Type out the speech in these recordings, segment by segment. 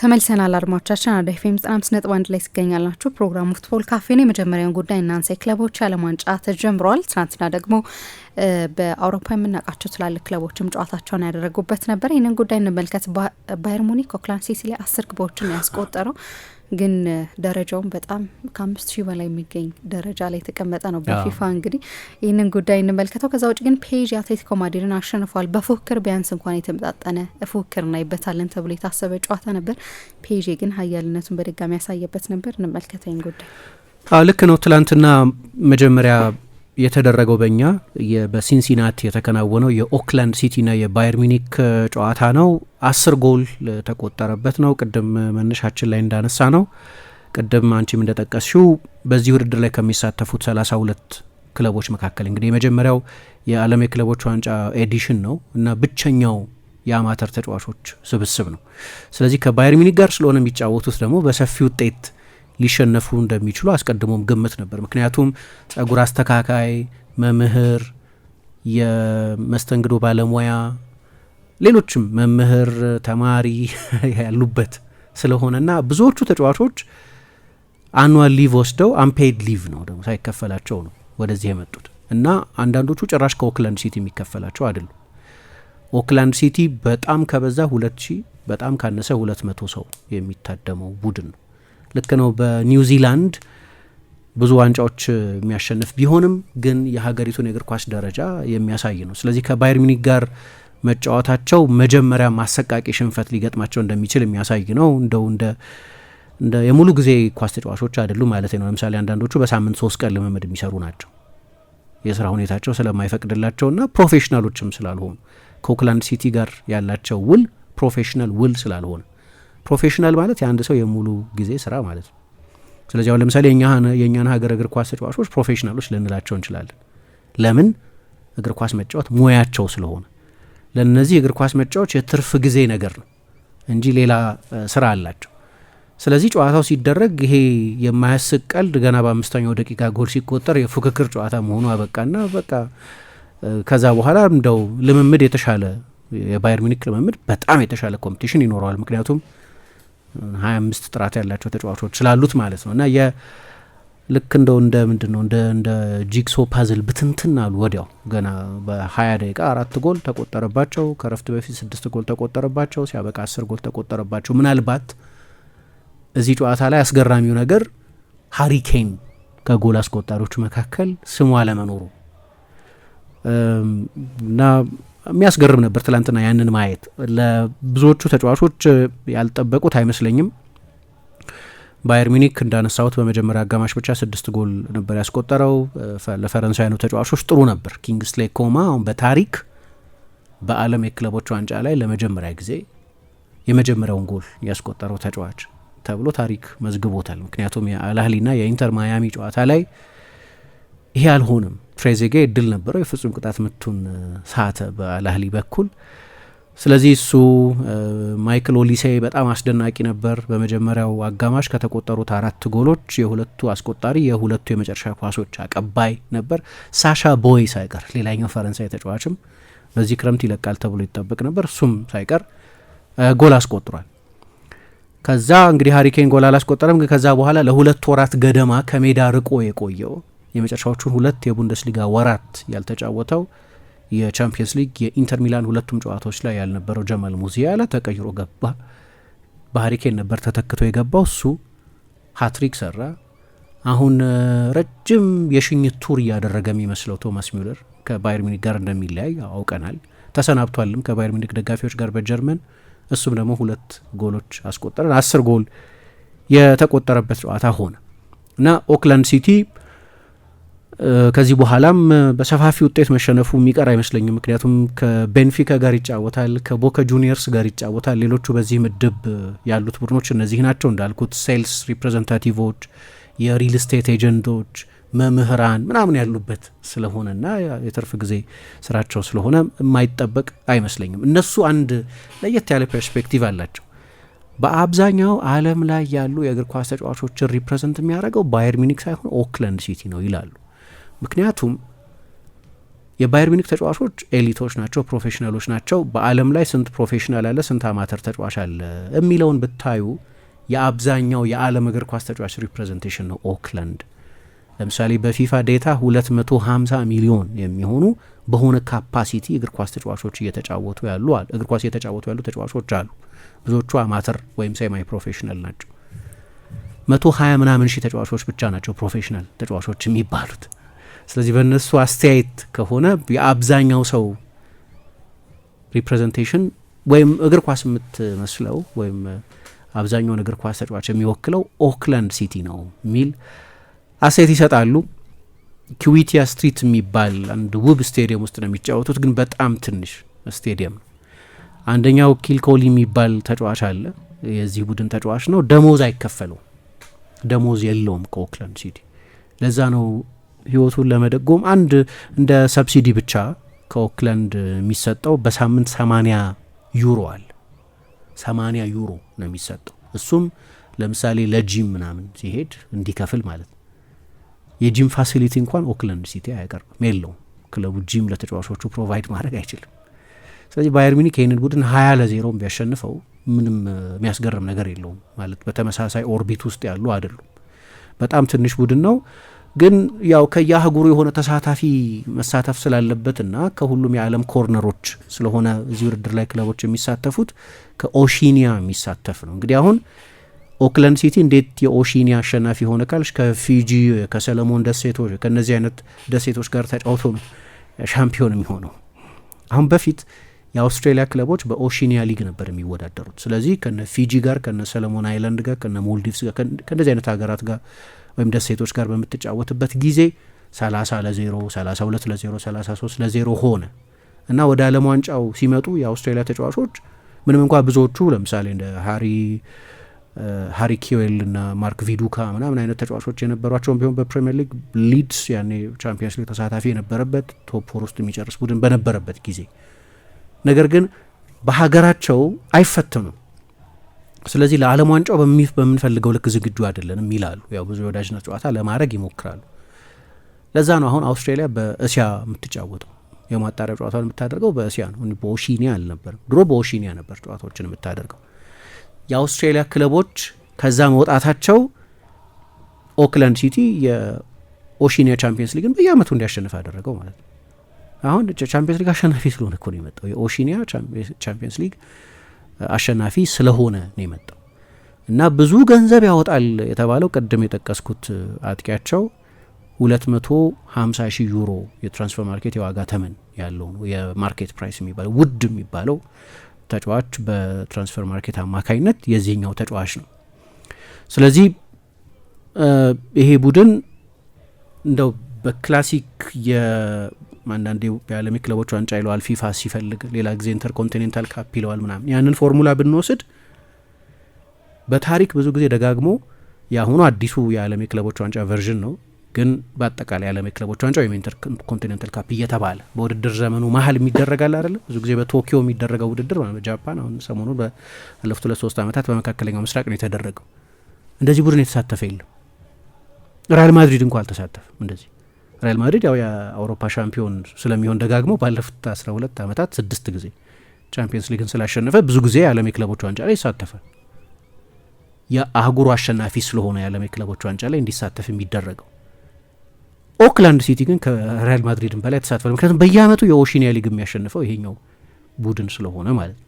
ተመልሰናል አድማጮቻችን፣ አራዳ ኤፍ ኤም ዘጠና አምስት ነጥብ አንድ ላይ ትገኛላችሁ። ፕሮግራሙ ፉትቦል ካፌ ነው። የመጀመሪያውን ጉዳይ እናንሳ። ክለቦች የዓለም ዋንጫ ተጀምሯል። ትናንትና ደግሞ በአውሮፓ የምናውቃቸው ትላልቅ ክለቦችም ጨዋታቸውን ያደረጉበት ነበር። ይህንን ጉዳይ እንመልከት። ባየር ሙኒክ ኦክላንድ ሲቲ ላይ አስር ግቦችን ያስቆጠረው ግን ደረጃውም በጣም ከአምስት ሺህ በላይ የሚገኝ ደረጃ ላይ የተቀመጠ ነው በፊፋ እንግዲህ ይህንን ጉዳይ እንመልከተው። ከዛ ውጭ ግን ፔጅ የአትሌቲኮ ማድሪድን አሸንፏል። በፉክክር ቢያንስ እንኳን የተመጣጠነ ፉክክር እናይበታለን ተብሎ የታሰበ ጨዋታ ነበር። ፔጅ ግን ሀያልነቱን በድጋሚ ያሳየበት ነበር። እንመልከተኝ ጉዳይ ልክ ነው። ትላንትና መጀመሪያ የተደረገው በእኛ በሲንሲናት የተከናወነው የኦክላንድ ሲቲና የባየር ሚኒክ ጨዋታ ነው። አስር ጎል ተቆጠረበት ነው። ቅድም መነሻችን ላይ እንዳነሳ ነው ቅድም አንቺም እንደጠቀስሽው በዚህ ውድድር ላይ ከሚሳተፉት ሁለት ክለቦች መካከል እንግዲህ የመጀመሪያው የዓለም የክለቦች ዋንጫ ኤዲሽን ነው እና ብቸኛው የአማተር ተጫዋቾች ስብስብ ነው። ስለዚህ ከባየር ሚኒክ ጋር ስለሆነ የሚጫወቱት ደግሞ በሰፊ ውጤት ሊሸነፉ እንደሚችሉ አስቀድሞም ግምት ነበር። ምክንያቱም ጸጉር አስተካካይ፣ መምህር፣ የመስተንግዶ ባለሙያ፣ ሌሎችም መምህር፣ ተማሪ ያሉበት ስለሆነና ብዙዎቹ ተጫዋቾች አኑዋል ሊቭ ወስደው አንፔድ ሊቭ ነው ደግሞ ሳይከፈላቸው ነው ወደዚህ የመጡት እና አንዳንዶቹ ጭራሽ ከኦክላንድ ሲቲ የሚከፈላቸው አይደሉ። ኦክላንድ ሲቲ በጣም ከበዛ ሁለት ሺ በጣም ካነሰ ሁለት መቶ ሰው የሚታደመው ቡድን ነው። ልክ ነው። በኒውዚላንድ ብዙ ዋንጫዎች የሚያሸንፍ ቢሆንም ግን የሀገሪቱን የእግር ኳስ ደረጃ የሚያሳይ ነው። ስለዚህ ከባየር ሚኒክ ጋር መጫወታቸው መጀመሪያ ማሰቃቂ ሽንፈት ሊገጥማቸው እንደሚችል የሚያሳይ ነው። እንደው እንደ እንደ የሙሉ ጊዜ ኳስ ተጫዋቾች አይደሉም ማለት ነው። ለምሳሌ አንዳንዶቹ በሳምንት ሶስት ቀን ልምምድ የሚሰሩ ናቸው የስራ ሁኔታቸው ስለማይፈቅድላቸውና ፕሮፌሽናሎችም ስላልሆኑ ከኦክላንድ ሲቲ ጋር ያላቸው ውል ፕሮፌሽናል ውል ስላልሆነ ፕሮፌሽናል ማለት የአንድ ሰው የሙሉ ጊዜ ስራ ማለት ነው። ስለዚህ አሁን ለምሳሌ የእኛን ሀገር እግር ኳስ ተጫዋቾች ፕሮፌሽናሎች ልንላቸው እንችላለን። ለምን እግር ኳስ መጫወት ሙያቸው ስለሆነ ለነዚህ እግር ኳስ መጫወች የትርፍ ጊዜ ነገር ነው እንጂ ሌላ ስራ አላቸው። ስለዚህ ጨዋታው ሲደረግ ይሄ የማያስቅ ቀልድ ገና በአምስተኛው ደቂቃ ጎል ሲቆጠር የፉክክር ጨዋታ መሆኑ አበቃና በቃ ከዛ በኋላ እንደው ልምምድ የተሻለ የባየር ሚኒክ ልምምድ በጣም የተሻለ ኮምፒቲሽን ይኖረዋል ምክንያቱም ሀያ አምስት ጥራት ያላቸው ተጫዋቾች ስላሉት ማለት ነው እና ልክ እንደው እንደ ምንድን ነው እንደ ጂግሶ ፓዝል ብትንትን አሉ። ወዲያው ገና በሀያ ደቂቃ አራት ጎል ተቆጠረባቸው። ከረፍት በፊት ስድስት ጎል ተቆጠረባቸው። ሲያበቃ አስር ጎል ተቆጠረባቸው። ምናልባት እዚህ ጨዋታ ላይ አስገራሚው ነገር ሀሪኬን ከጎል አስቆጣሪዎቹ መካከል ስሙ አለመኖሩ እና የሚያስገርም ነበር ትላንትና ያንን ማየት። ለብዙዎቹ ተጫዋቾች ያልጠበቁት አይመስለኝም። ባየር ሚኒክ እንዳነሳሁት በመጀመሪያ አጋማሽ ብቻ ስድስት ጎል ነበር ያስቆጠረው። ነው ተጫዋቾች ጥሩ ነበር። ኪንግስሌ ኮማ አሁን በታሪክ በዓለም የክለቦች ዋንጫ ላይ ለመጀመሪያ ጊዜ የመጀመሪያውን ጎል ያስቆጠረው ተጫዋች ተብሎ ታሪክ መዝግቦታል። ምክንያቱም የአልአህሊና የኢንተር ማያሚ ጨዋታ ላይ ይሄ አልሆንም ትሬዜጌ እድል ነበረው፣ የፍጹም ቅጣት ምቱን ሳተ በአልአህሊ በኩል። ስለዚህ እሱ ማይክል ኦሊሴ በጣም አስደናቂ ነበር። በመጀመሪያው አጋማሽ ከተቆጠሩት አራት ጎሎች የሁለቱ አስቆጣሪ፣ የሁለቱ የመጨረሻ ኳሶች አቀባይ ነበር። ሳሻ ቦይ ሳይቀር ሌላኛው ፈረንሳይ ተጫዋችም በዚህ ክረምት ይለቃል ተብሎ ይጠበቅ ነበር። እሱም ሳይቀር ጎል አስቆጥሯል። ከዛ እንግዲህ ሀሪኬን ጎል አላስቆጠረም። ከዛ በኋላ ለሁለት ወራት ገደማ ከሜዳ ርቆ የቆየው የመጨረሻዎቹን ሁለት የቡንደስሊጋ ወራት ያልተጫወተው የቻምፒየንስ ሊግ የኢንተር ሚላን ሁለቱም ጨዋታዎች ላይ ያልነበረው ጀማል ሙዚያለ ተቀይሮ ገባ። በሀሪኬን ነበር ተተክቶ የገባው እሱ ሀትሪክ ሰራ። አሁን ረጅም የሽኝት ቱር እያደረገ የሚመስለው ቶማስ ሚውለር ከባየር ሚኒክ ጋር እንደሚለያይ አውቀናል። ተሰናብቷልም ከባየር ሚኒክ ደጋፊዎች ጋር በጀርመን እሱም ደግሞ ሁለት ጎሎች አስቆጠረን አስር ጎል የተቆጠረበት ጨዋታ ሆነ እና ኦክላንድ ሲቲ ከዚህ በኋላም በሰፋፊ ውጤት መሸነፉ የሚቀር አይመስለኝም። ምክንያቱም ከቤንፊካ ጋር ይጫወታል፣ ከቦካ ጁኒየርስ ጋር ይጫወታል። ሌሎቹ በዚህ ምድብ ያሉት ቡድኖች እነዚህ ናቸው እንዳልኩት ሴልስ ሪፕሬዘንታቲቮች፣ የሪል ስቴት ኤጀንቶች፣ መምህራን ምናምን ያሉበት ስለሆነና የትርፍ ጊዜ ስራቸው ስለሆነ የማይጠበቅ አይመስለኝም። እነሱ አንድ ለየት ያለ ፐርስፔክቲቭ አላቸው። በአብዛኛው ዓለም ላይ ያሉ የእግር ኳስ ተጫዋቾችን ሪፕሬዘንት የሚያደርገው ባየር ሚኒክ ሳይሆን ኦክላንድ ሲቲ ነው ይላሉ። ምክንያቱም የባየር ሚኒክ ተጫዋቾች ኤሊቶች ናቸው፣ ፕሮፌሽናሎች ናቸው። በዓለም ላይ ስንት ፕሮፌሽናል አለ፣ ስንት አማተር ተጫዋች አለ የሚለውን ብታዩ የአብዛኛው የዓለም እግር ኳስ ተጫዋች ሪፕሬዘንቴሽን ነው ኦክላንድ። ለምሳሌ በፊፋ ዴታ 250 ሚሊዮን የሚሆኑ በሆነ ካፓሲቲ እግር ኳስ ተጫዋቾች እየተጫወቱ ያሉ እግር ኳስ እየተጫወቱ ያሉ ተጫዋቾች አሉ። ብዙዎቹ አማተር ወይም ሴማይ ፕሮፌሽናል ናቸው። 120 ምናምን ሺህ ተጫዋቾች ብቻ ናቸው ፕሮፌሽናል ተጫዋቾች የሚባሉት። ስለዚህ በእነሱ አስተያየት ከሆነ የአብዛኛው ሰው ሪፕሬዘንቴሽን ወይም እግር ኳስ የምትመስለው ወይም አብዛኛውን እግር ኳስ ተጫዋች የሚወክለው ኦክላንድ ሲቲ ነው የሚል አስተያየት ይሰጣሉ። ኪዊቲያ ስትሪት የሚባል አንድ ውብ ስቴዲየም ውስጥ ነው የሚጫወቱት፣ ግን በጣም ትንሽ ስቴዲየም ነው። አንደኛው ኪልኮሊ የሚባል ተጫዋች አለ፣ የዚህ ቡድን ተጫዋች ነው። ደሞዝ አይከፈለው፣ ደሞዝ የለውም ከኦክላንድ ሲቲ። ለዛ ነው ህይወቱን ለመደጎም አንድ እንደ ሰብሲዲ ብቻ ከኦክላንድ የሚሰጠው በሳምንት 80 ዩሮ አለ። 80 ዩሮ ነው የሚሰጠው። እሱም ለምሳሌ ለጂም ምናምን ሲሄድ እንዲከፍል ማለት ነው። የጂም ፋሲሊቲ እንኳን ኦክላንድ ሲቲ አያቀርብም፣ የለውም። ክለቡ ጂም ለተጫዋቾቹ ፕሮቫይድ ማድረግ አይችልም። ስለዚህ ባየር ሚኒክ ይህንን ቡድን ሀያ ለዜሮም ቢያሸንፈው ምንም የሚያስገርም ነገር የለውም ማለት በተመሳሳይ ኦርቢት ውስጥ ያሉ አይደሉም። በጣም ትንሽ ቡድን ነው። ግን ያው ከየአህጉሩ የሆነ ተሳታፊ መሳተፍ ስላለበትና ከሁሉም የዓለም ኮርነሮች ስለሆነ እዚህ ውድድር ላይ ክለቦች የሚሳተፉት ከኦሺኒያ የሚሳተፍ ነው። እንግዲህ አሁን ኦክላንድ ሲቲ እንዴት የኦሺኒያ አሸናፊ ሆነ ካልሽ ከፊጂ ከሰለሞን ደሴቶች ከእነዚህ አይነት ደሴቶች ጋር ተጫውቶ ነው ሻምፒዮን የሚሆነው። አሁን በፊት የአውስትሬሊያ ክለቦች በኦሺኒያ ሊግ ነበር የሚወዳደሩት። ስለዚህ ከነ ፊጂ ጋር ከነ ሰለሞን አይላንድ ጋር ከነ ሞልዲቭስ ጋር ከእንደዚህ አይነት ሀገራት ጋር ወይም ደሴቶች ጋር በምትጫወትበት ጊዜ 30 ለ0 32 ለ0 33 ለዜሮ ሆነ እና ወደ ዓለም ዋንጫው ሲመጡ የአውስትራሊያ ተጫዋቾች ምንም እንኳ ብዙዎቹ ለምሳሌ እንደ ሃሪ ሃሪ ኪዌል እና ማርክ ቪዱካ ምናምን አይነት ተጫዋቾች የነበሯቸውን ቢሆን በፕሪምየር ሊግ ሊድስ ያኔ ቻምፒየንስ ሊግ ተሳታፊ የነበረበት ቶፕ ፎር ውስጥ የሚጨርስ ቡድን በነበረበት ጊዜ ነገር ግን በሀገራቸው አይፈትኑም ስለዚህ ለዓለም ዋንጫው በሚፍ በምንፈልገው ልክ ዝግጁ አይደለንም ይላሉ። ያው ብዙ የወዳጅነት ጨዋታ ለማድረግ ይሞክራሉ። ለዛ ነው አሁን አውስትራሊያ በእስያ የምትጫወተው። የማጣሪያ ጨዋታን የምታደርገው በእስያ ነው። በኦሺኒያ አልነበርም። ድሮ በኦሺኒያ ነበር ጨዋታዎችን የምታደርገው። የአውስትሬሊያ ክለቦች ከዛ መውጣታቸው ኦክላንድ ሲቲ የኦሺኒያ ቻምፒየንስ ሊግን በየአመቱ እንዲያሸንፍ አደረገው ማለት ነው። አሁን ቻምፒየንስ ሊግ አሸናፊ ስለሆነ እኮ ነው የመጣው። የኦሺኒያ ቻምፒየንስ ሊግ አሸናፊ ስለሆነ ነው የመጣው እና ብዙ ገንዘብ ያወጣል የተባለው ቅድም የጠቀስኩት አጥቂያቸው 250 ሺህ ዩሮ የትራንስፈር ማርኬት የዋጋ ተመን ያለው ነው የማርኬት ፕራይስ የሚባለው ውድ የሚባለው ተጫዋች በትራንስፈር ማርኬት አማካኝነት የዚህኛው ተጫዋች ነው። ስለዚህ ይሄ ቡድን እንደው በክላሲክ አንዳንዴ የዓለም ክለቦች ዋንጫ ይለዋል ፊፋ ሲፈልግ፣ ሌላ ጊዜ ኢንተርኮንቲኔንታል ካፕ ይለዋል ምናምን። ያንን ፎርሙላ ብንወስድ በታሪክ ብዙ ጊዜ ደጋግሞ የአሁኑ አዲሱ የዓለም ክለቦች ዋንጫ ቨርዥን ነው ግን በአጠቃላይ የዓለም ክለቦች ዋንጫ ወይም ኢንተር ኮንቲኔንታል ካፕ እየተባለ በውድድር ዘመኑ መሀል የሚደረጋል አይደለም። ብዙ ጊዜ በቶኪዮ የሚደረገው ውድድር በጃፓን አሁን ሰሞኑን ባለፉት ሁለት ሶስት ዓመታት በመካከለኛው ምስራቅ ነው የተደረገው። እንደዚህ ቡድን የተሳተፈ የለም። ሪያል ማድሪድ እንኳ አልተሳተፈም እንደዚህ ሪያል ማድሪድ ያው የአውሮፓ ሻምፒዮን ስለሚሆን ደጋግሞ ባለፉት ሁለት ዓመታት ስድስት ጊዜ ቻምፒየንስ ሊግን ስላሸነፈ ብዙ ጊዜ የዓለም የክለቦች ዋንጫ ላይ ይሳተፋል። የአህጉሩ አሸናፊ ስለሆነ የዓለም የክለቦች ዋንጫ ላይ እንዲሳተፍ የሚደረገው ኦክላንድ ሲቲ ግን ከሪያል ማድሪድን በላይ ተሳትፏል። ምክንያቱም በየአመቱ የኦሺኒያ ሊግ የሚያሸንፈው ይሄኛው ቡድን ስለሆነ ማለት ነው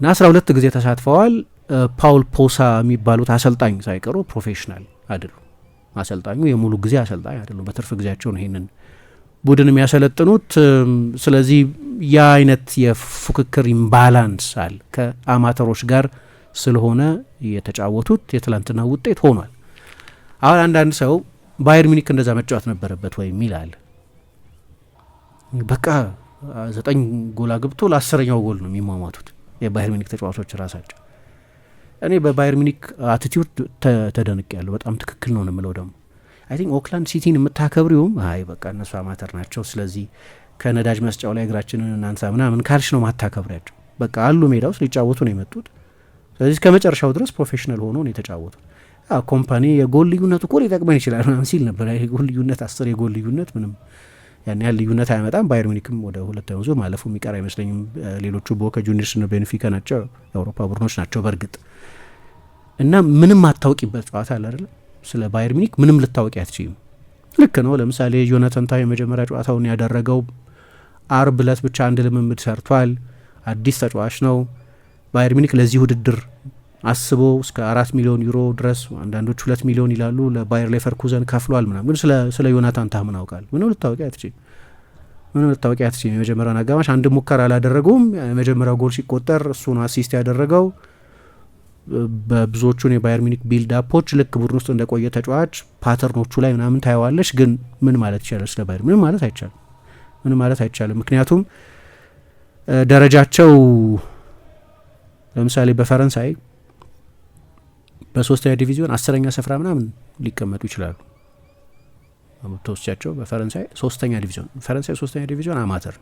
እና ሁለት ጊዜ ተሳትፈዋል። ፓውል ፖሳ የሚባሉት አሰልጣኝ ሳይቀሩ ፕሮፌሽናል አይደሉም። አሰልጣኙ የሙሉ ጊዜ አሰልጣኝ አይደሉም። በትርፍ ጊዜያቸው ነው ይህንን ቡድን የሚያሰለጥኑት። ስለዚህ ያ አይነት የፉክክር ኢምባላንስ አለ ከአማተሮች ጋር ስለሆነ የተጫወቱት የትላንትና ውጤት ሆኗል። አሁን አንዳንድ ሰው ባየር ሚኒክ እንደዛ መጫወት ነበረበት ወይም ይላል። በቃ ዘጠኝ ጎል አግብቶ ለአስረኛው ጎል ነው የሚሟሟቱት የባየር ሚኒክ ተጫዋቾች ራሳቸው እኔ በባየር ሚኒክ አትቲዩድ ተደንቅ ያለሁ በጣም ትክክል ነው የምለው ደግሞ አይ ቲንክ ኦክላንድ ሲቲን የምታከብሪውም አይ በቃ እነሱ አማተር ናቸው፣ ስለዚህ ከነዳጅ መስጫው ላይ እግራችንን እናንሳ ምናምን ካልሽ ነው ማታከብሪያቸው። በቃ አሉ ሜዳ ውስጥ ሊጫወቱ ነው የመጡት። ስለዚህ ከመጨረሻው ድረስ ፕሮፌሽናል ሆኖ ነው የተጫወቱት። ኮምፓኒ የጎል ልዩነቱ እኮ ሊጠቅመን ይችላል ምናምን ሲል ነበር። የጎል ልዩነት አስር የጎል ልዩነት ምንም ያን ያህል ልዩነት አያመጣም። ባየር ሚኒክም ወደ ሁለት ዙር ማለፉ የሚቀር አይመስለኝም። ሌሎቹ ቦካ ጁኒየርስና ቤንፊካ ናቸው፣ የአውሮፓ ቡድኖች ናቸው በእርግጥ እና ምንም አታውቂበት ጨዋታ አለ አይደለም። ስለ ባየር ሚኒክ ምንም ልታወቂ አትችይም። ልክ ነው። ለምሳሌ ዮናታን ታዬ የመጀመሪያ ጨዋታውን ያደረገው አርብ እለት ብቻ አንድ ልምምድ ሰርቷል። አዲስ ተጫዋች ነው። ባየር ሚኒክ ለዚህ ውድድር አስቦ እስከ አራት ሚሊዮን ዩሮ ድረስ አንዳንዶች ሁለት ሚሊዮን ይላሉ ለባየር ሌቨርኩዘን ከፍሏል። ምናም ግን ስለ ዮናታን ታህ ምን አውቃል? ምንም ልታወቂ አትችይም። ምንም ልታወቂ አትችይም። የመጀመሪያውን አጋማሽ አንድ ሙከራ አላደረጉም። የመጀመሪያው ጎል ሲቆጠር እሱን አሲስት ያደረገው። በብዙዎቹን የባየር ሚኒክ ቢልዳፖች ልክ ቡድን ውስጥ እንደቆየ ተጫዋች ፓተርኖቹ ላይ ምናምን ታየዋለች። ግን ምን ማለት ይቻላል ስለ ባየር ምንም ማለት አይቻልም። ምንም ማለት አይቻልም። ምክንያቱም ደረጃቸው ለምሳሌ በፈረንሳይ በሶስተኛ ዲቪዚዮን አስረኛ ስፍራ ምናምን ሊቀመጡ ይችላሉ። ተወስቻቸው በፈረንሳይ ሶስተኛ ዲቪዚዮን ፈረንሳይ ሶስተኛ ዲቪዚዮን አማተር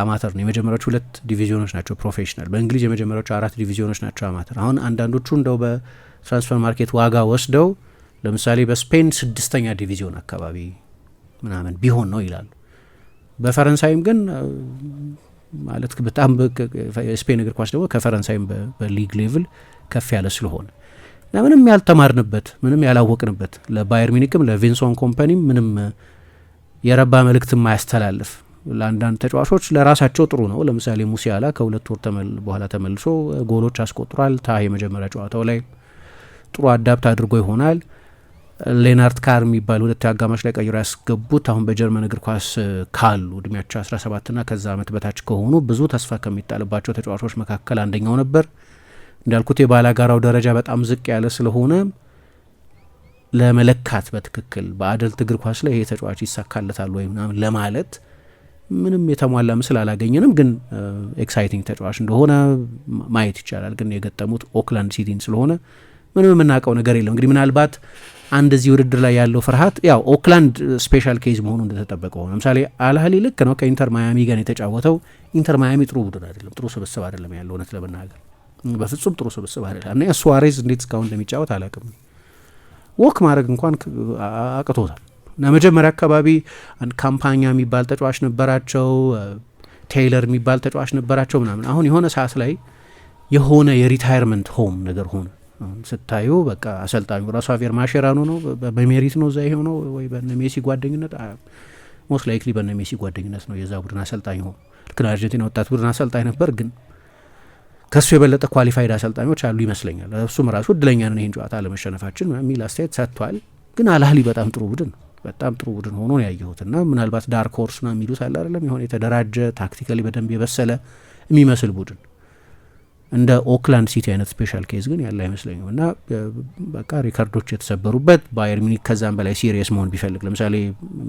አማተር ነው። የመጀመሪያዎቹ ሁለት ዲቪዚዮኖች ናቸው ፕሮፌሽናል። በእንግሊዝ የመጀመሪያዎቹ አራት ዲቪዚዮኖች ናቸው አማተር። አሁን አንዳንዶቹ እንደው በትራንስፈር ማርኬት ዋጋ ወስደው ለምሳሌ በስፔን ስድስተኛ ዲቪዚዮን አካባቢ ምናምን ቢሆን ነው ይላሉ። በፈረንሳይም ግን ማለት በጣም የስፔን እግር ኳስ ደግሞ ከፈረንሳይም በሊግ ሌቭል ከፍ ያለ ስለሆነ እና ምንም ያልተማርንበት ምንም ያላወቅንበት ለባየር ሚኒክም ለቪንሶን ኮምፓኒም ምንም የረባ መልእክት ማያስተላልፍ ለአንዳንድ ተጫዋቾች ለራሳቸው ጥሩ ነው። ለምሳሌ ሙሲያላ ከሁለት ወር በኋላ ተመልሶ ጎሎች አስቆጥሯል። ታ የመጀመሪያ ጨዋታው ላይ ጥሩ አዳፕት አድርጎ ይሆናል። ሌናርት ካር የሚባል ሁለት አጋማሽ ላይ ቀይሮ ያስገቡት አሁን በጀርመን እግር ኳስ ካሉ እድሜያቸው ሰባት ና ከዛ ዓመት በታች ከሆኑ ብዙ ተስፋ ከሚጣልባቸው ተጫዋቾች መካከል አንደኛው ነበር። እንዳልኩት የባላጋራው ደረጃ በጣም ዝቅ ያለ ስለሆነ ለመለካት በትክክል በአደልት እግር ኳስ ላይ ይሄ ተጫዋች ይሳካለታል ወይ ምናምን ለማለት ምንም የተሟላ ምስል አላገኘንም፣ ግን ኤክሳይቲንግ ተጫዋች እንደሆነ ማየት ይቻላል። ግን የገጠሙት ኦክላንድ ሲቲን ስለሆነ ምንም የምናውቀው ነገር የለም። እንግዲህ ምናልባት አንድ እዚህ ውድድር ላይ ያለው ፍርሃት ያው ኦክላንድ ስፔሻል ኬዝ መሆኑ እንደተጠበቀ ሆነ። ለምሳሌ አልሀሊ ልክ ነው ከኢንተር ማያሚ ጋር የተጫወተው። ኢንተር ማያሚ ጥሩ ቡድን አይደለም፣ ጥሩ ስብስብ አይደለም ያለው እውነት ለመናገር በፍጹም ጥሩ ስብስብ አይደለም። እና ሱዋሬዝ እንዴት እስካሁን እንደሚጫወት አላውቅም። ወክ ማድረግ እንኳን አቅቶታል። እና መጀመሪያ አካባቢ ካምፓኛ የሚባል ተጫዋች ነበራቸው፣ ቴይለር የሚባል ተጫዋች ነበራቸው ምናምን። አሁን የሆነ ሰዓት ላይ የሆነ የሪታይርመንት ሆም ነገር ሆነ። ስታዩ በቃ አሰልጣኙ ራሱ አቬር ማሼራኖ ነው፣ በሜሪት ነው እዛ የሆነው ወይ በነ ሜሲ ጓደኝነት፣ ሞስት ላይክሊ በነ ሜሲ ጓደኝነት ነው የዛ ቡድን አሰልጣኝ ሆኑ። ልክ አርጀንቲና ወጣት ቡድን አሰልጣኝ ነበር ግን ከሱ የበለጠ ኳሊፋይድ አሰልጣኞች አሉ ይመስለኛል። እሱም ራሱ እድለኛ ነን ይህን ጨዋታ ለመሸነፋችን የሚል አስተያየት ሰጥቷል። ግን አልአህሊ በጣም ጥሩ ቡድን ነው። በጣም ጥሩ ቡድን ሆኖ ያየሁት እና ምናልባት ዳርክ ሆርስ ና የሚሉት አለ አይደለም የሆነ የተደራጀ ታክቲካሊ በደንብ የበሰለ የሚመስል ቡድን እንደ ኦክላንድ ሲቲ አይነት ስፔሻል ኬዝ ግን ያለ አይመስለኝም እና በቃ ሪከርዶች የተሰበሩበት ባየር ሚኒክ ከዛም በላይ ሲሪየስ መሆን ቢፈልግ ለምሳሌ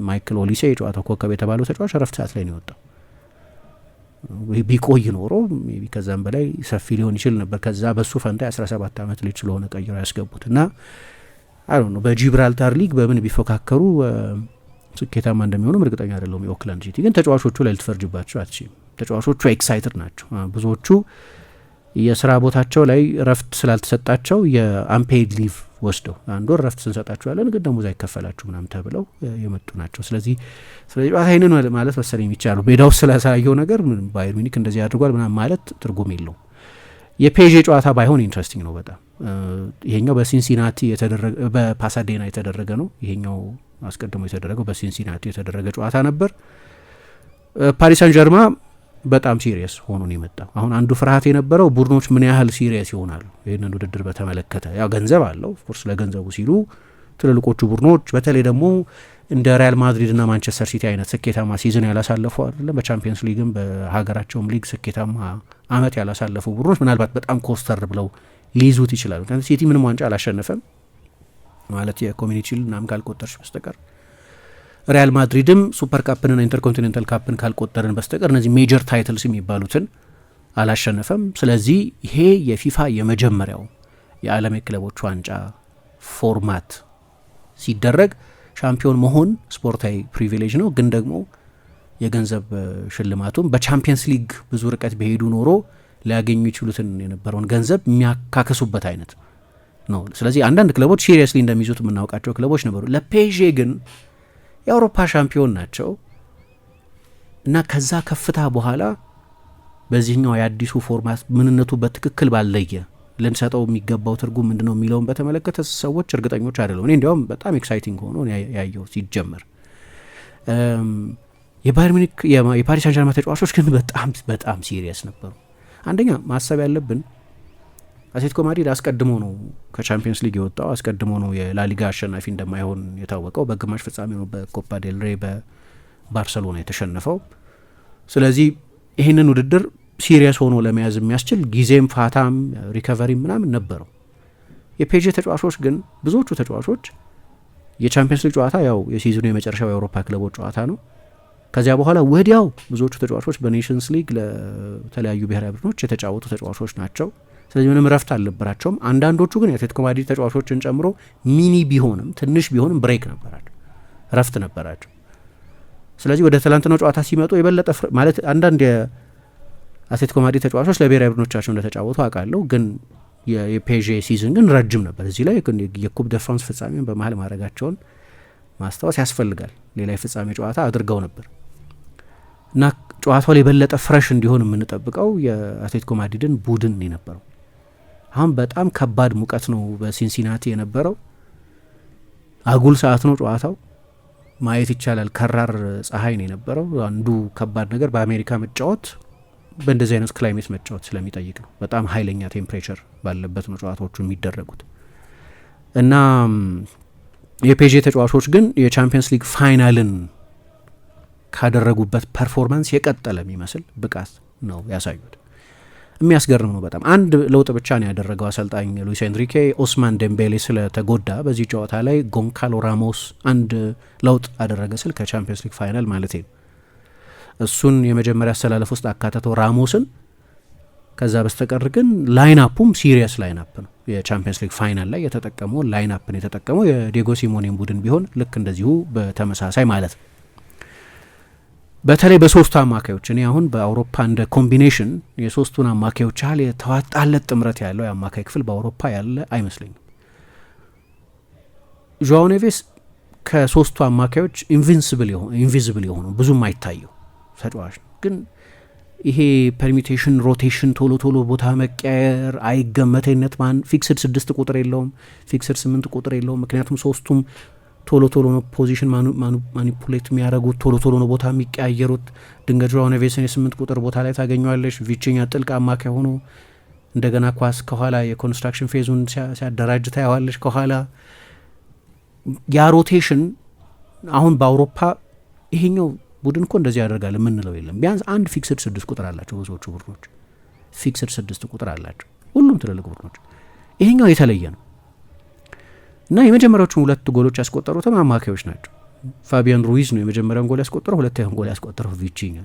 ማይክል ኦሊሴ የጨዋታ ኮከብ የተባለው ተጫዋች ረፍት ሰዓት ላይ ነው የወጣው። ቢቆይ ኖሮ ቢ ከዛም በላይ ሰፊ ሊሆን ይችል ነበር። ከዛ በሱ ፈንታ የ ሰባት ዓመት ልጅ ስለሆነ ቀይሮ ያስገቡት እና አይ ነው በጂብራልታር ሊግ በምን ቢፎካከሩ ስኬታማ እንደሚሆኑም እርግጠኛ አይደለሁም። የኦክላንድ ሲቲ ግን ተጫዋቾቹ ላይ ልትፈርጅባቸው አትችም። ተጫዋቾቹ ኤክሳይትድ ናቸው። ብዙዎቹ የስራ ቦታቸው ላይ ረፍት ስላልተሰጣቸው የአምፔድ ሊቭ ወስደው አንድ ወር እረፍት ስንሰጣቸዋለን ግን ደሞዝ አይከፈላችሁ ምናምን ተብለው የመጡ ናቸው። ስለዚህ ስለዚህ ጨዋታ ይንን ማለት መሰለኝ የሚቻሉ ሜዳው ስላሳየው ነገር ባየር ሚኒክ እንደዚህ አድርጓል ምናምን ማለት ትርጉም የለውም። የፔዥ ጨዋታ ባይሆን ኢንትረስቲንግ ነው በጣም ይሄኛው በሲንሲናቲ የተደረገ በፓሳዴና የተደረገ ነው። ይሄኛው አስቀድሞ የተደረገው በሲንሲናቲ የተደረገ ጨዋታ ነበር። ፓሪስ ሳን ጀርማ በጣም ሲሪየስ ሆኖ ነው የመጣው። አሁን አንዱ ፍርሃት የነበረው ቡድኖች ምን ያህል ሲሪየስ ይሆናሉ ይህንን ውድድር በተመለከተ ያው ገንዘብ አለው ኦፍኮርስ፣ ለገንዘቡ ሲሉ ትልልቆቹ ቡድኖች በተለይ ደግሞ እንደ ሪያል ማድሪድ እና ማንቸስተር ሲቲ አይነት ስኬታማ ሲዝን ያላሳለፉ አይደለም። በቻምፒየንስ ሊግም በሀገራቸውም ሊግ ስኬታማ አመት ያላሳለፉ ቡድኖች ምናልባት በጣም ኮስተር ብለው ሊይዙት ይችላል። ምክንያቱም ሲቲ ምንም ዋንጫ አላሸነፈም ማለት የኮሚኒቲ ሺልድ ምናምን ካልቆጠርሽ በስተቀር ሪያል ማድሪድም ሱፐር ካፕንና ኢንተርኮንቲኔንታል ካፕን ካልቆጠርን በስተቀር እነዚህ ሜጀር ታይትልስ የሚባሉትን አላሸነፈም። ስለዚህ ይሄ የፊፋ የመጀመሪያው የዓለም የክለቦች ዋንጫ ፎርማት ሲደረግ ሻምፒዮን መሆን ስፖርታዊ ፕሪቪሌጅ ነው፣ ግን ደግሞ የገንዘብ ሽልማቱም በቻምፒየንስ ሊግ ብዙ ርቀት በሄዱ ኖሮ ሊያገኙ ይችሉትን የነበረውን ገንዘብ የሚያካክሱበት አይነት ነው። ስለዚህ አንዳንድ ክለቦች ሲሪየስሊ እንደሚይዙት የምናውቃቸው ክለቦች ነበሩ። ለፔዤ ግን የአውሮፓ ሻምፒዮን ናቸው እና ከዛ ከፍታ በኋላ በዚህኛው የአዲሱ ፎርማት ምንነቱ በትክክል ባለየ ልንሰጠው የሚገባው ትርጉም ምንድነው የሚለውን በተመለከተ ሰዎች እርግጠኞች አይደለም። እኔ እንዲያውም በጣም ኤክሳይቲንግ ሆኖ ያየው ሲጀመር የባየር ሚኒክ የፓሪስ አንጀርማ ተጫዋቾች ግን በጣም በጣም ሲሪየስ ነበሩ። አንደኛ ማሰብ ያለብን አትሌቲኮ ማድሪድ አስቀድሞ ነው ከቻምፒየንስ ሊግ የወጣው፣ አስቀድሞ ነው የላሊጋ አሸናፊ እንደማይሆን የታወቀው። በግማሽ ፍጻሜ ነው በኮፓ ዴል ሬ በባርሰሎና የተሸነፈው። ስለዚህ ይህንን ውድድር ሲሪየስ ሆኖ ለመያዝ የሚያስችል ጊዜም ፋታም ሪከቨሪ ምናምን ነበረው። የፔጄ ተጫዋቾች ግን ብዙዎቹ ተጫዋቾች የቻምፒየንስ ሊግ ጨዋታ ያው የሲዝኑ የመጨረሻው የአውሮፓ ክለቦች ጨዋታ ነው ከዚያ በኋላ ወዲያው ብዙዎቹ ተጫዋቾች በኔሽንስ ሊግ ለተለያዩ ብሔራዊ ቡድኖች የተጫወቱ ተጫዋቾች ናቸው። ስለዚህ ምንም ረፍት አልነበራቸውም። አንዳንዶቹ ግን የአትሌቲኮ ማድሪድ ተጫዋቾችን ጨምሮ ሚኒ ቢሆንም ትንሽ ቢሆንም ብሬክ ነበራቸው፣ ረፍት ነበራቸው። ስለዚህ ወደ ትላንትናው ጨዋታ ሲመጡ የበለጠ ማለት አንዳንድ የአትሌቲኮ ማድሪድ ተጫዋቾች ለብሔራዊ ቡድኖቻቸው እንደተጫወቱ አውቃለሁ። ግን የፔዤ ሲዝን ግን ረጅም ነበር። እዚህ ላይ የኩፕ ደ ፍራንስ ፍጻሜን በመሀል ማድረጋቸውን ማስታወስ ያስፈልጋል። ሌላ የፍጻሜ ጨዋታ አድርገው ነበር። እና ጨዋታው ላይ የበለጠ ፍረሽ እንዲሆን የምንጠብቀው የአትሌቲኮ ማድሪድን ቡድን የነበረው አሁን በጣም ከባድ ሙቀት ነው በሲንሲናቲ የነበረው። አጉል ሰዓት ነው ጨዋታው ማየት ይቻላል። ከራር ፀሐይ ነው የነበረው። አንዱ ከባድ ነገር በአሜሪካ መጫወት በእንደዚህ አይነት ክላይሜት መጫወት ስለሚጠይቅ ነው። በጣም ኃይለኛ ቴምፕሬቸር ባለበት ነው ጨዋታዎቹ የሚደረጉት እና የፔዤ ተጫዋቾች ግን የቻምፒየንስ ሊግ ፋይናልን ካደረጉበት ፐርፎርማንስ የቀጠለ የሚመስል ብቃት ነው ያሳዩት። የሚያስገርም ነው በጣም። አንድ ለውጥ ብቻ ነው ያደረገው አሰልጣኝ ሉዊስ ኤንሪኬ። ኦስማን ደምቤሌ ስለተጎዳ በዚህ ጨዋታ ላይ ጎንካሎ ራሞስ አንድ ለውጥ አደረገ ስል ከቻምፒየንስ ሊግ ፋይናል ማለት ነው። እሱን የመጀመሪያ አሰላለፍ ውስጥ አካተተው ራሞስን። ከዛ በስተቀር ግን ላይናፑም ሲሪየስ ላይናፕ ነው። የቻምፒየንስ ሊግ ፋይናል ላይ የተጠቀመው ላይናፕን የተጠቀመው የዲየጎ ሲሞኔን ቡድን ቢሆን ልክ እንደዚሁ በተመሳሳይ ማለት ነው። በተለይ በሶስቱ አማካዮች እኔ አሁን በአውሮፓ እንደ ኮምቢኔሽን የሶስቱን አማካዮች ያህል የተዋጣለት ጥምረት ያለው የአማካይ ክፍል በአውሮፓ ያለ አይመስለኝም። ዣኦ ኔቬስ ከሶስቱ አማካዮች ኢንቪዚብል የሆኑ ብዙም አይታየው ተጫዋች ነው። ግን ይሄ ፐርሚቴሽን፣ ሮቴሽን፣ ቶሎ ቶሎ ቦታ መቀያየር፣ አይገመተኝነት ማን ፊክስድ ስድስት ቁጥር የለውም፣ ፊክስድ ስምንት ቁጥር የለውም። ምክንያቱም ሶስቱም ቶሎ ቶሎ ነው ፖዚሽን ማኒፑሌት የሚያደርጉት፣ ቶሎ ቶሎ ነው ቦታ የሚቀያየሩት። ድንገት ሆነ ኔቬስን የስምንት ቁጥር ቦታ ላይ ታገኘዋለች። ቪቼኛ ጥልቅ አማካይ ሆኖ እንደገና ኳስ ከኋላ የኮንስትራክሽን ፌዙን ሲያደራጅ ታየዋለች። ከኋላ ያ ሮቴሽን አሁን በአውሮፓ ይሄኛው ቡድን እኮ እንደዚህ ያደርጋል የምንለው የለም። ቢያንስ አንድ ፊክስድ ስድስት ቁጥር አላቸው ብዙዎቹ ቡድኖች፣ ፊክስድ ስድስት ቁጥር አላቸው ሁሉም ትልልቅ ቡድኖች። ይሄኛው የተለየ ነው። እና የመጀመሪያዎቹን ሁለት ጎሎች ያስቆጠሩትም አማካዮች ናቸው። ፋቢያን ሩዊዝ ነው የመጀመሪያውን ጎል ያስቆጠረው። ሁለተኛውን ጎል ያስቆጠረው ቪቺኛ።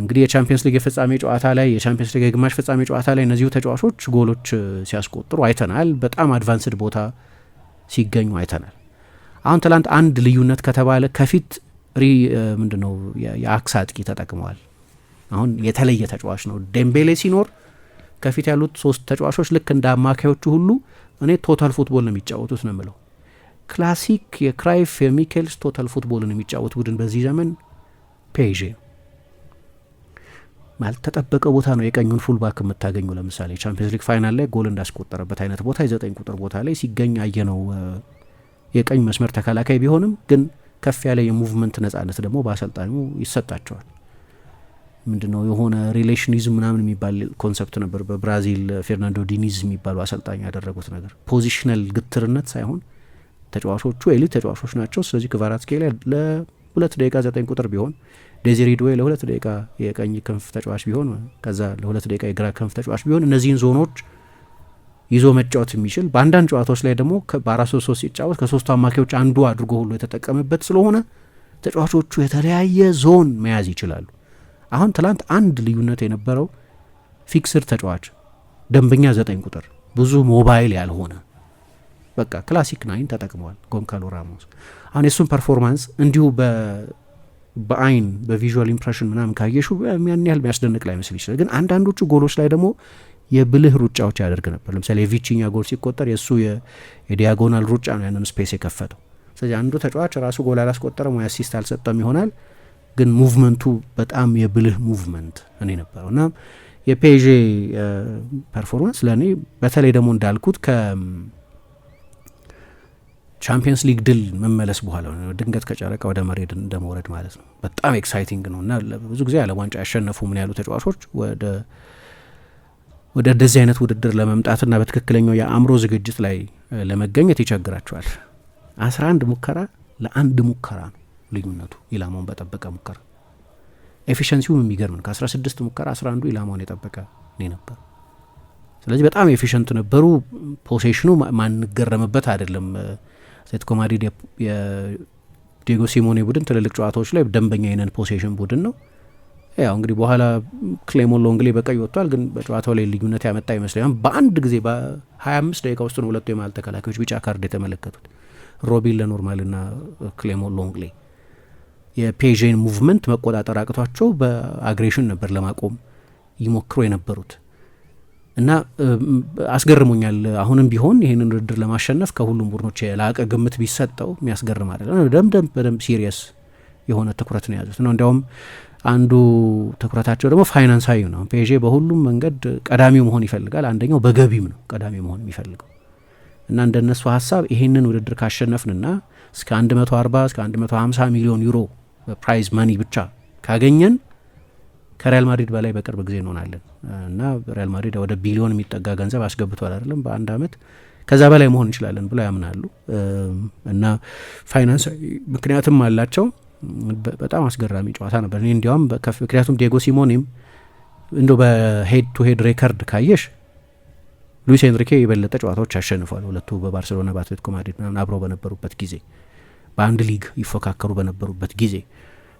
እንግዲህ የቻምፒየንስ ሊግ የፍጻሜ ጨዋታ ላይ የቻምፒየንስ ሊግ የግማሽ ፍጻሜ ጨዋታ ላይ እነዚሁ ተጫዋቾች ጎሎች ሲያስቆጥሩ አይተናል። በጣም አድቫንስድ ቦታ ሲገኙ አይተናል። አሁን ትላንት አንድ ልዩነት ከተባለ ከፊት ሪ ምንድ ነው የአክስ አጥቂ ተጠቅመዋል። አሁን የተለየ ተጫዋች ነው ዴምቤሌ ሲኖር ከፊት ያሉት ሶስት ተጫዋቾች ልክ እንደ አማካዮቹ ሁሉ እኔ ቶታል ፉትቦል ነው የሚጫወቱት ነው የምለው። ክላሲክ የክራይፍ የሚኬልስ ቶታል ነው የሚጫወት ቡድን በዚህ ዘመን ፔዥ ማለት ተጠበቀ ቦታ ነው የቀኙን ፉልባክ የምታገኙ። ለምሳሌ ቻምፒየንስ ሊግ ፋይናል ላይ ጎል እንዳስቆጠረበት አይነት ቦታ የዘጠኝ ቁጥር ቦታ ላይ ሲገኝ አየ ነው። የቀኝ መስመር ተከላካይ ቢሆንም ግን ከፍ ያለ የሙቭመንት ነጻነት ደግሞ በአሰልጣኙ ይሰጣቸዋል። ምንድነው የሆነ ሪሌሽኒዝም ምናምን የሚባል ኮንሰፕት ነበር በብራዚል ፌርናንዶ ዲኒዝ የሚባሉ አሰልጣኝ ያደረጉት ነገር ፖዚሽናል ግትርነት ሳይሆን ተጫዋቾቹ ኤሊት ተጫዋቾች ናቸው። ስለዚህ ላይ ለሁለት ደቂቃ ዘጠኝ ቁጥር ቢሆን ዴዚሬ ለሁለት ደቂቃ የቀኝ ክንፍ ተጫዋች ቢሆን ከዛ ለሁለት ደቂቃ የግራ ክንፍ ተጫዋች ቢሆን እነዚህን ዞኖች ይዞ መጫወት የሚችል በአንዳንድ ጨዋታዎች ላይ ደግሞ በአራት ሶስት ሶስት ሲጫወት ከሶስቱ አማካዮች አንዱ አድርጎ ሁሉ የተጠቀመበት ስለሆነ ተጫዋቾቹ የተለያየ ዞን መያዝ ይችላሉ። አሁን ትላንት አንድ ልዩነት የነበረው ፊክስር ተጫዋች ደንበኛ ዘጠኝ ቁጥር ብዙ ሞባይል ያልሆነ በቃ ክላሲክ ናይን ተጠቅመዋል ጎንካሎ ራሞስ። አሁን የእሱን ፐርፎርማንስ እንዲሁ በአይን በቪዥዋል ኢምፕሬሽን ምናምን ካየሹ ያን ያህል የሚያስደንቅ ላይ መስል ይችላል። ግን አንዳንዶቹ ጎሎች ላይ ደግሞ የብልህ ሩጫዎች ያደርግ ነበር። ለምሳሌ የቪቺኛ ጎል ሲቆጠር የእሱ የዲያጎናል ሩጫ ነው ያንን ስፔስ የከፈተው። ስለዚህ አንዱ ተጫዋች ራሱ ጎል አላስቆጠረም ወይ አሲስት አልሰጠም ይሆናል ግን ሙቭመንቱ በጣም የብልህ ሙቭመንት እኔ ነበረው እና የፔዤ ፐርፎርማንስ ለእኔ በተለይ ደግሞ እንዳልኩት ከቻምፒየንስ ሊግ ድል መመለስ በኋላ ድንገት ከጨረቃ ወደ መሬድ እንደመውረድ ማለት ነው። በጣም ኤክሳይቲንግ ነው እና ብዙ ጊዜ ዓለም ዋንጫ ያሸነፉ ምን ያሉ ተጫዋቾች ወደ ወደ እንደዚህ አይነት ውድድር ለመምጣትና በትክክለኛው የአእምሮ ዝግጅት ላይ ለመገኘት ይቸግራቸዋል። አስራ አንድ ሙከራ ለአንድ ሙከራ ነው ልዩነቱ ኢላማውን በጠበቀ ሙከራ ኤፊሽንሲውም የሚገርም ነው። ከ16 ሙከራ 11ዱ ኢላማውን የጠበቀ ነው ነበር። ስለዚህ በጣም ኤፊሽንት ነበሩ። ፖሴሽኑ ማንገረምበት አይደለም። አትሌቲኮ ማድሪድ የዲጎ ሲሞኔ ቡድን ትልልቅ ጨዋታዎች ላይ ደንበኛ ይነን ፖሴሽን ቡድን ነው። ያው እንግዲህ በኋላ ክሌሞን ሎንግሌ በቀይ ወጥቷል፣ ግን በጨዋታው ላይ ልዩነት ያመጣ ይመስለኛል። በአንድ ጊዜ በ25 ደቂቃ ውስጥ ነው ሁለቱ የመሀል ተከላካዮች ቢጫ ካርድ የተመለከቱት ሮቢን ና ክሌሞን ሎንግሌ የፔዥን ሙቭመንት መቆጣጠር አቅቷቸው በአግሬሽን ነበር ለማቆም ይሞክሩ የነበሩት እና አስገርሞኛል። አሁንም ቢሆን ይህንን ውድድር ለማሸነፍ ከሁሉም ቡድኖች የላቀ ግምት ቢሰጠው የሚያስገርም አይደለም። ደምደም በደንብ ሲሪየስ የሆነ ትኩረት ነው የያዙት ነው። እንዲያውም አንዱ ትኩረታቸው ደግሞ ፋይናንሳዊ ነው። ፔዤ በሁሉም መንገድ ቀዳሚ መሆን ይፈልጋል። አንደኛው በገቢም ነው ቀዳሚ መሆን የሚፈልገው እና እንደነሱ ሀሳብ ይህንን ውድድር ካሸነፍንና እስከ 140 እስከ 150 ሚሊዮን ዩሮ ፕራይዝ መኒ ብቻ ካገኘን ከሪያል ማድሪድ በላይ በቅርብ ጊዜ እንሆናለን እና ሪያል ማድሪድ ወደ ቢሊዮን የሚጠጋ ገንዘብ አስገብቷል አይደለም በአንድ አመት ከዛ በላይ መሆን እንችላለን ብለው ያምናሉ እና ፋይናንሳዊ ምክንያትም አላቸው። በጣም አስገራሚ ጨዋታ ነበር። እኔ እንዲያውም ምክንያቱም ዲጎ ሲሞኔም እንደ በሄድ ቱ ሄድ ሬከርድ ካየሽ ሉዊስ ሄንሪኬ የበለጠ ጨዋታዎች አሸንፏል። ሁለቱ በባርሴሎና በአትሌቲኮ ማድሪድ ምናምን አብረው በነበሩበት ጊዜ በአንድ ሊግ ይፎካከሩ በነበሩበት ጊዜ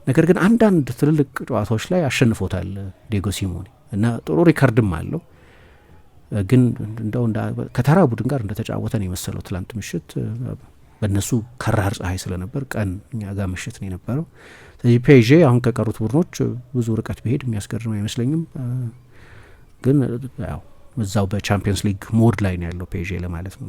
ነገር ግን አንዳንድ ትልልቅ ጨዋታዎች ላይ አሸንፎታል ዲየጎ ሲሞኔ እና ጥሩ ሪከርድም አለው። ግን እንደው ከተራ ቡድን ጋር እንደተጫወተ ነው የመሰለው። ትላንት ምሽት በእነሱ ከራር ፀሐይ ስለነበር ቀን እኛ ጋር ምሽት ነው የነበረው። ስለዚህ ፔዤ አሁን ከቀሩት ቡድኖች ብዙ ርቀት ቢሄድ የሚያስገርም አይመስለኝም። ግን ያው እዛው በቻምፒየንስ ሊግ ሞድ ላይ ነው ያለው ፔዤ ለማለት ነው።